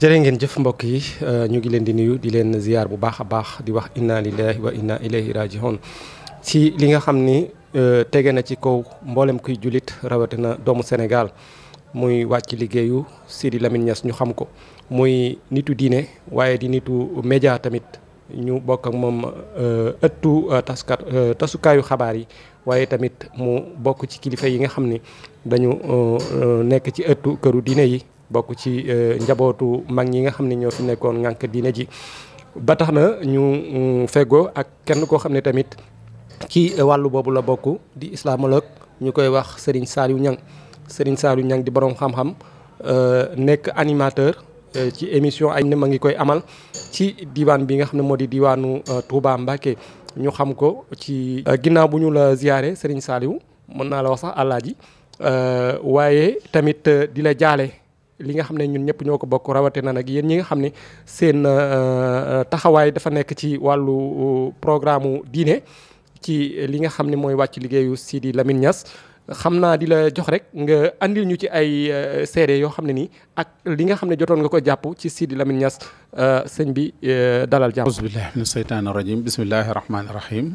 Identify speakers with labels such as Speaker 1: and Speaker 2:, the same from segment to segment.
Speaker 1: jëre ngeen jëf mbokk yi euh, ñu ngi leen di nuyu di leen ziar bu baax a baax di wax inna lillahi wa inna ilayhi rajihoon ci li nga xam ni euh, tege na ci kaw mboolem kuy jullit rawatina doomu Sénégal muy wàcc liggéeyu Sidi Lamine Niass ñu xam ko muy nitu diine waaye di nitu média tamit ñu bokk ak moom euh, ëttu taskat tasukaayu xabaar yi waaye tamit mu bokk ci kilifa yi nga xam ni dañu nekk ci ëttu këru diine yi bokk ci euh, njabootu mag ñi nga xam ne ñoo fi nekkoon ngànk diine ji ba tax na ñu mm, feggoo ak kenn koo xam ne tamit ci wàllu boobu la bokk di islamologue ñu koy wax Serigne Saliou Niang Serigne Saliou Niang di borom xam-xam euh, nekk animateur euh, ci émission ay ne ma ngi koy amal ci diwaan bi nga xam ne moo di diwaanu Touba Mbacké ñu xam ko ci ginnaaw bu ñu la ziyaare Serigne Saliou mën naa la wax sax àllaaji waaye tamit di la jaale li nga xam ne ñun ñëpp ñoo ko bokk rawatina nag yéen ñi nga xam ne seen euh, euh, taxawaay dafa nekk ci wàllu euh, programme diine ci li nga xam ne mooy wàcc liggéeyu Sidi Lamine ñas xam naa di la jox rek nga andil ñu ci ay seede yoo xam ne nii ak li nga xam ne jotoon nga ko jàpp ci Sidi Lamine Niass sëñ bi dalal jàmm. auzu
Speaker 2: billahi mina seytaani rajim bismillahi rahmaani rahim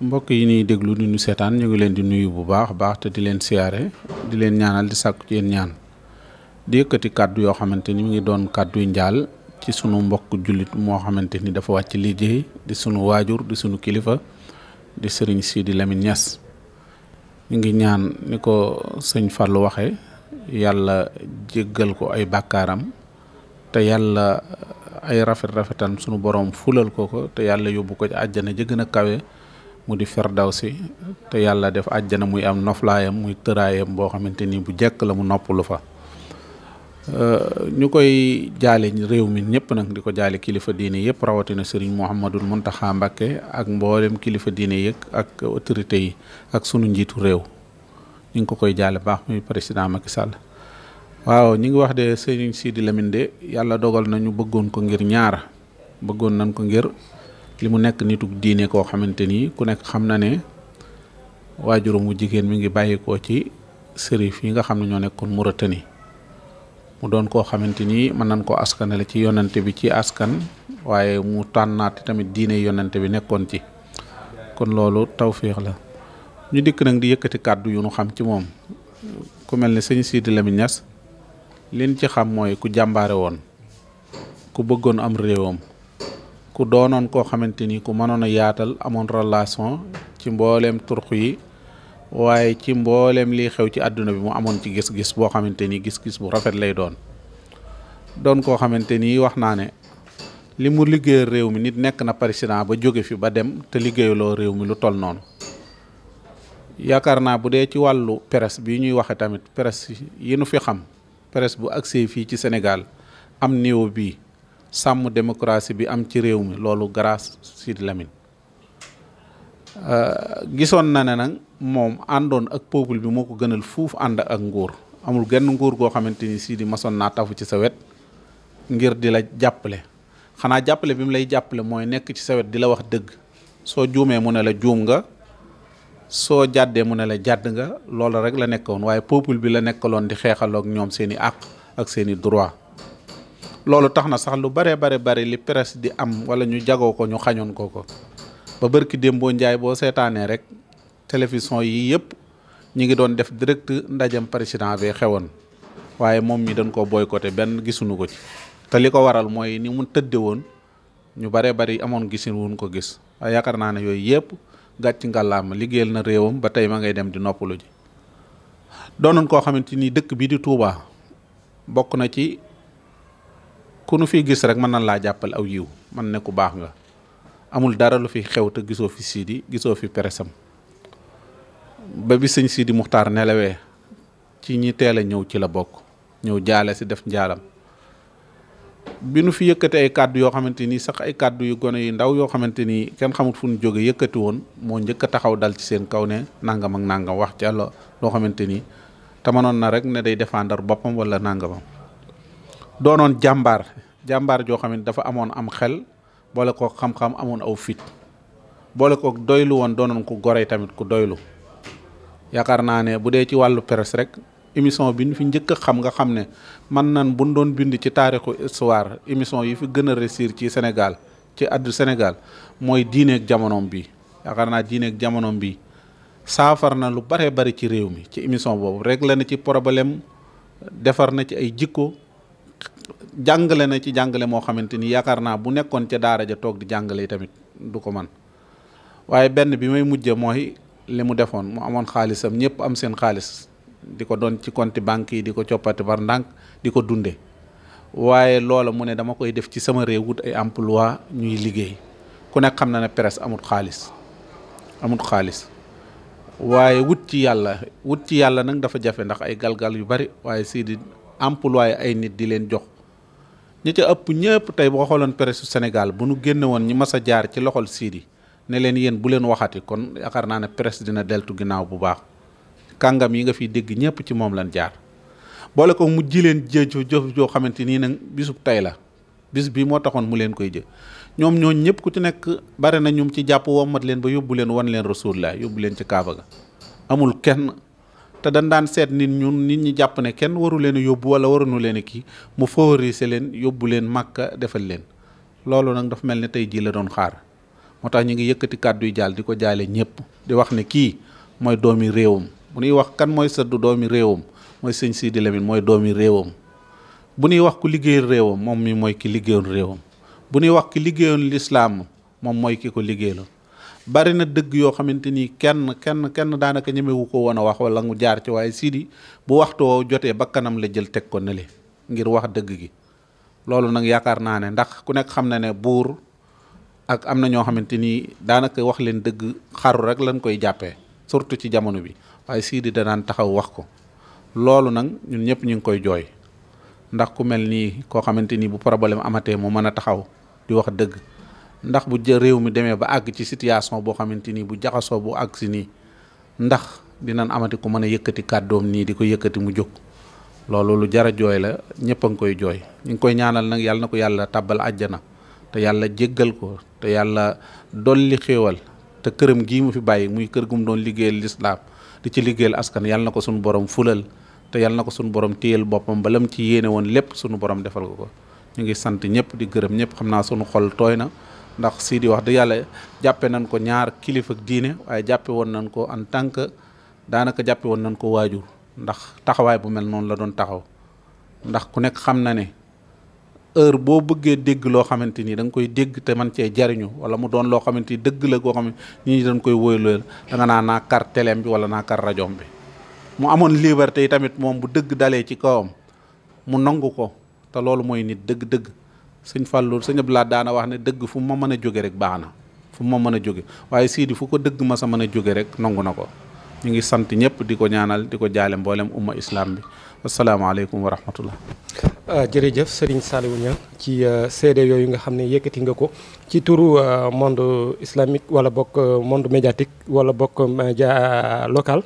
Speaker 2: mbokk yi ñuy déglu nu ñu seetaan ñu ngi leen di nuyu bu baax baax te di leen siyaare di leen ñaanal di sàkku ci yéen ñaan. di yëkkati kàddu yoo xamante ni mi ngi doon kàdduy njaal ci sunu mbokk jullit moo xamante ni dafa wàcc liggéey di sunu waajur di sunu kilifa di sëriñ Sidi Lamine Niass mi ngi ñaan ni ko sëñ Fallou waxe yàlla jéggal ko ay bàkkaaram te yàlla ay rafet rafetan sunu borom fulal ko ko te yàlla yóbbu ko ci àjjana kawe mu di si te yàlla def àjjana muy am noflaayam muy tëraayam boo xamante ni bu jekk la mu noppalu fa Euh, ñu koy jaale réew mi ñëpp nag di ko jaale kilifa diine yëpp rawatina sëriñ Mouhamadul Mountakha Mbacké ak mboolem kilifa diine yëg ak autorité yi ak sunu njiitu réew ñu ngi ko koy jaale baax muy président Macky sàll waaw ñu ngi wax de sëriñ Sidi Lamine de yàlla dogal nañu bëggoon ko ngir ñaara bëggoon nañ ko ngir li mu nekk nitu diine koo xamante ni ku nekk xam na ne waajuram mu jigéen mi ngi bàyyi ko ci sërif yi nga xam ne ñoo nekkoon Mauritanie mu doon koo xamante ni mën nañ koo askanale ci yonante bi ci askan waaye mu tànnaat tamit diine yonante bi nekkoon ci kon loolu tawféex la ñu dikk nag di yëkkati kàddu yu nu xam ci moom ku mel ne sëñ Sidi Lamine Niass liñ ci xam mooy ku jàmbaare woon ku bëggoon am réewam ku doonoon koo xamante ni ku mënoon a yaatal amoon relation ci mbooleem turux yi waaye ci mboolem li xew ci àdduna bi mu amoon ci gis-gis boo xamante ni gis-gis bu rafet lay doon doon koo xamante ni wax naa ne li mu liggéeyal réew mi nit nekk na président ba jóge fi ba dem te liggéeyaloo réew mi lu tol noonu yaakaar naa bu dee ci wàllu presse bi ñuy waxe tamit presse yi nu fi xam presse bu agsee fii ci Sénégal am néew bi sàmm démocratie bi am ci réew mi loolu grâce Sidi Lamine Euh, gisoon na ne nag moom àndoon ak peuple bi moo ko gënal fuuf ànd ak nguur amul genn nguur goo xamante ni sii di masoon naa tafu ci sa wet ngir di la jàppale xanaa jàppale bi mu lay jàppale mooy nekk ci sa wet di la wax dëgg soo juumee mu ne la juum nga soo jàddee mu ne la jàdd nga loolu rek la nekkoon waaye peuple bi la nekkaloon di xeexaloog ñoom seeni àq ak seen i droit loolu tax na sax lu bare bare bare li presse di am wala ñu jagoo ko ñu xañoon ko ko ba barki dembo njaay bo seetaanee rek télévision yi yépp ñi ngi doon def direct ndajam président bi xewon waaye mom mi dañ ko boycotté ben gisunu ko ci té liko ko waral moy ni mu tëdde won ñu bare bari amon gisin won ko gis yaakaar naa ne yoy yépp gatch ngalam ligéel na réewum ba tay ma ngay dem di noppalu ji doonon ko xamanteni dëkk bi di Touba bokku na ci ku fi gis rek man nan la jappal aw yiw man ne ku bax nga amul dara lu fi xew te gisoo fi sidi gisoo fi peresam ba bi sëñ sidi muxtar nelawee ci ñi téla ñew ci la bok ñew jaalé si def njaalam bi nu fi yëkkati ay kàddu yo xamanteni sax ay kàddu yu gone yu ndaw yo xamanteni ni kenn xamut fu ñu jóge yëkkati woon moo taxaw dal ci seen kaw ne nangam ak nangam wax Allah lo xamanteni na rek né day défendre bopam wala nangam doonon jambar jambar jo xamanteni dafa am xel boole kook xam-xam amoon aw fit boole kook doylu woon doonoon ku gorey tamit ku doylu yaakaar naa ne bu dee ci wàllu presse rek émission bi ñu fi njëkk a xam nga xam ne man nan buñ doon bind ci taarixu histoire émission yi fi gën a réussir ci Sénégal ci addu Sénégal mooy diineeg jamonoom bi yaakaar naa diineeg jamonoom bi saafar na lu bare bari ci réew mi ci émission boobu rek la na ci problème defar na ci ay jikko jàngale na ci jàngale moo xamante ni yaakaar naa bu nekkoon ca daara ja toog di jàngale tamit du ko man waaye benn bi may mujje mooy li mu defoon mu amoon xaalisam ñëpp am seen xaalis di ko doon ci compte banque yi di ko coppati bar ndànk di ko dunde waaye loola mu ne dama koy def ci sama réew wut ay emploi ñuy liggéey ku nekk xam na ne presse amut xaalis amut xaalis waaye wut ci yàlla wut ci yàlla nag dafa jafe ndax ay galgal yu bari waaye sii di emploi ay nit di leen jox ñi ci ëpp ñëpp tey boo xooloon presse Sénégal bu nu génne woon ñi mas jaar ci loxol Sidi ne leen yéen bu leen waxati kon yaakaar naa ne presse dina deltu ginnaaw bu baax kàngam yi nga fi dégg ñëpp ci moom lan jaar boole ko mu ji leen jëju jëf joo xamante nii nag bisub tey la bis bi moo taxoon mu leen koy jë ñoom ñoo ñëpp ku ci nekk bare na ñum ci jàpp mat leen ba yóbbu leen wan leen rasulullah yóbbu leen ci kaaba ga amul kenn te dañ daan seet nit ñun nit ñi jàpp ne kenn waru leen yóbbu wala waruñu leen kii mu favoriser leen yóbbu leen màkka defal leen loolu nag dafa mel ni tey jii la doon xaar moo tax ñu ngi yëkkati kàddu yi jaal di ko jaale ñëpp di wax ne kii mooy doomi réewam bu ñuy wax kan mooy sëddu doomi réewam mooy sëñ Sidi Lamine mooy doomi réewam bu nuy wax ku liggéeyal réewam moom mi mooy ki liggéeyoon réewam bu ñuy wax ki liggéeyoon lislaam moom mooy ki ko liggéeyaloon bari na dëgg yoo xamante ni kenn kenn kenn daanaka ñemewu ko woon a wax wala mu jaar ci waaye Sidi bu waxtoo jotee bakkanam la jël teg ko nële ngir wax dëgg gi loolu nag yaakaar naa ne ndax ku nekk xam na ne buur ak am na ñoo xamante ni daanaka wax leen dëgg xaru rek lañ koy jàppee surtout ci jamono bi waaye Sidi danaan taxaw wax ko loolu nag ñun ñëpp ñu ngi koy jooy ndax ku mel nii koo xamante ni bu problème amatee mu mën a taxaw di wax dëgg ndax bu jël réew mi demee ba àgg ci situation boo xamante ni bu jaxasoo bu àgg si nii ndax dinañ amati ku mën a yëkkati kàddoom nii di ko yëkkati mu jóg loolu lu jara jooy la ñëpp a ngi koy jooy ñu ngi koy ñaanal nag yàlla na ko yàlla tàbbal àjjana te yàlla jéggal ko te yàlla dolli xéewal te këram gii mu fi bàyyi muy kër gum doon liggéeyal lislaam di ci liggéeyal askan yàlla na ko suñu borom fulal te yàlla na ko suñu borom téyal boppam ba lam ci yéene woon lépp suñu borom defal ko ko ñu ngi sant ñëpp di gërëm ñëpp xam naa suñu xol tooy na ndax sii di wax dëgg yàlla jàppe nañ ko ñaar kilifa diine waaye jàppe woon nañ ko en tant que daanaka jàppe woon nañ ko waajur ndax taxawaay bu mel noonu la doon taxaw ndax ku nekk xam na ne heure boo bëggee dégg loo xamante ni da koy dégg te man cee jariñu wala mu doon loo xamante ni dëgg la koo xam ne ñi dañ koy woy lool da naa naa kar teleem bi wala naa kar rajoom bi mu amoon liberté yi tamit moom bu dëgg dalee ci kawam mu nangu ko te loolu mooy nit dëgg sëñ Fallou sëñ laa daana wax ne dëgg fu ma mën a jóge rek baax na fu ma mën a jóge waaye Sidi fu ko dëgg ma sa mën a jóge rek nangu na ko ñu ngi sant ñëpp di ko ñaanal di ko jaale mboolem umma islam bi asalaamaaleykum wa rahmatullah
Speaker 1: euh, jërëjëf Serigne wu ña ci euh, seede yooyu nga xam ne yëkkati nga ko ci turu euh, monde islamique wala bokk monde médiatique wala bokk média local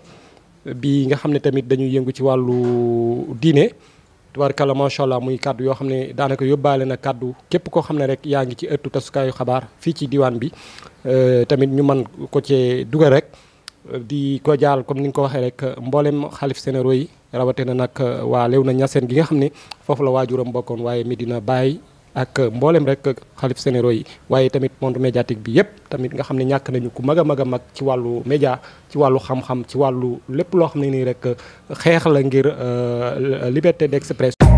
Speaker 1: bi nga xam ne tamit dañuy yëngu ci wàllu diine tubaarkalla macha allah muy kàddu yoo xam ne daanaka yóbbaale na kàddu képp koo xam ne rek yaa ngi ci ëttu tasukaayu xabaar fii ci diwaan bi euh, tamit ñu man ko cee dugal rek di ko jaaral comme ni nga ko waxee rek mboolem xalif sénéro yi rawate na nag euh, waa na ñaseen gi nga xam ne foofu la waajuram mbokkoon waaye dina bàyyi ak mboolem rek xalif sénéraux yi waaye tamit monde médiatique bi yépp tamit nga xam ne ñàkk nañu ku mag a mag a mag ci wàllu média ci wàllu xam-xam ci wàllu lépp loo xam ne nii rek xeex la ngir euh, liberté d'expression